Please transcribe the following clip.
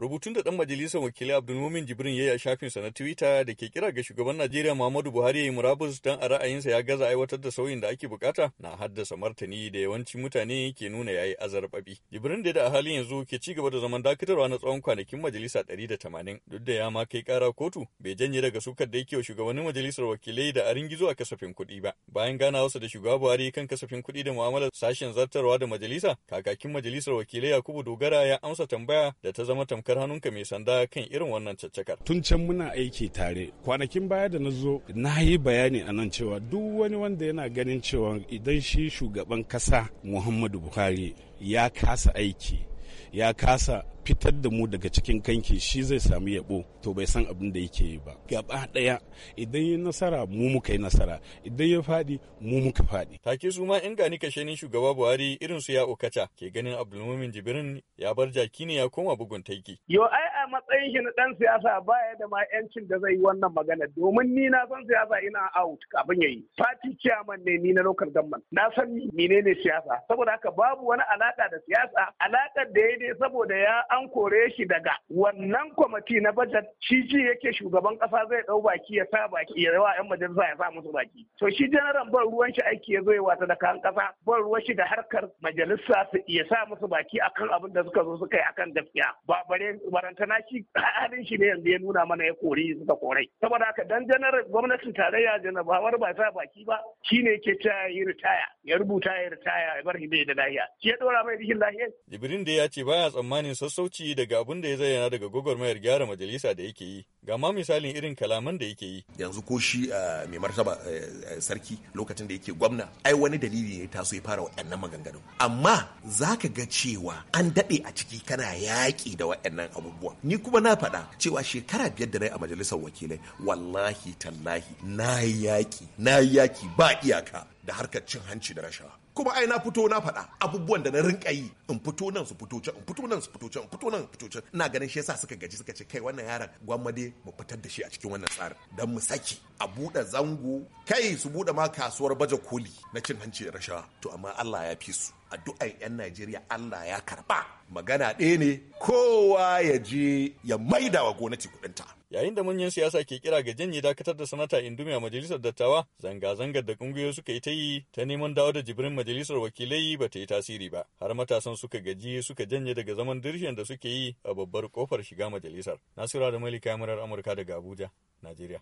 Rubutun da dan majalisar wakili Abdulmumin Jibrin ya yi a shafinsa na Twitter da ke kira ga shugaban Najeriya Muhammadu Buhari ya yi murabus don a ra'ayinsa ya gaza aiwatar da sauyin da ake bukata na haddasa martani da yawancin mutane ke nuna yayi yi azarbaɓi. Jibrin da a halin yanzu ke ci gaba da zaman dakatarwa na tsawon kwanakin majalisa ɗari da tamanin duk da ya ma kai kara kotu bai janye daga sukar da yake wa shugabannin majalisar wakilai da arin gizo a kasafin kuɗi ba. Bayan ganawarsa da shugaba Buhari kan kasafin kuɗi da mu'amalar sashen zartarwa da majalisa kakakin majalisar wakilai Yakubu Dogara ya amsa tambaya da ta zama kakar hannunka mai sanda kan irin wannan caccakar. Tun can muna aiki tare kwanakin baya da na zo na yi bayani a nan cewa duk wani wanda yana ganin cewa idan shi shugaban kasa Muhammadu Buhari ya kasa aiki ya kasa fitar da mu daga cikin kanki shi zai samu yabo to bai san abin da yake yi ba gaba daya idan yi nasara mu muka yi nasara idan ya fadi mu muka fadi take su ma in gani kashe ni shugaba Buhari irin su ya okata ke ganin Abdulmumin Jibrin ya bar jaki ne ya koma bugun taiki yo ai a matsayin shi na ɗan siyasa baya da ma yancin da zai yi wannan magana domin ni na san siyasa ina out kafin ya yi fati chairman ne ni na local government na san menene siyasa saboda haka babu wani alaka da siyasa alakar da ya dai saboda ya an kore shi daga wannan kwamiti na budget shi ji yake shugaban kasa zai ɗau baki ya sa baki ya rawa yan majalisa ya sa musu baki to shi janaran ban ruwan shi aiki ya zo ya wata da kan kasa ban ruwan shi da harkar majalisa ya sa musu baki akan abin da suka zo suka yi akan gaskiya ba bare barantana ma'ana shi halin shi ne yanzu ya nuna mana ya kori suka korai saboda haka dan janar gwamnatin tarayya janar bawar ba ta baki ba shi ne yake ta yi ritaya ya rubuta ya ritaya ya bar hibe da lahiya shi ya dora mai rikin lahiya jibrin da ya ce baya tsammanin sassauci daga abin da ya zayyana daga gwagwarmayar gyara majalisa da yake yi ga ma misalin irin kalaman da yake yi yanzu ko shi ah, mai martaba eh, eh, sarki lokacin da yake gwamna ai wani dalili ne taso ya fara waɗannan maganganu amma zaka ga cewa an daɗe a ciki kana yaƙi da waɗannan abubuwa ni kuma na faɗa cewa shekara biyar da na a majalisar wakilai wallahi tallahi na yaƙi na yaƙi ba iyaka da harkar cin hanci da rashawa kuma ai na fito na faɗa abubuwan da na rinka yi in fito nan su fito can in fito nan su fito can in fito nan su fito can ina ganin shi yasa suka gaji suka ce kai wannan yaron gwamnati mu fitar da shi a cikin wannan tsarin dan mu saki a buɗe zango kai su buɗe ma kasuwar baje koli na cin hanci da rashawa to amma Allah ya fi su addu'ar 'yan Najeriya Allah ya karba magana ɗaya ne kowa ya je ya maida wa gwamnati ta. yayin da manyan siyasa ke kira ga janye dakatar da sanata indumi a majalisar dattawa zanga-zangar da kungiyoyi suka yi ta yi ta neman dawo da jibrin majalisar wakilai ba ta yi tasiri ba har matasan suka gaji suka janye daga zaman dirshen da suke yi a babbar kofar shiga majalisar nasira da malika murar amurka daga abuja najeriya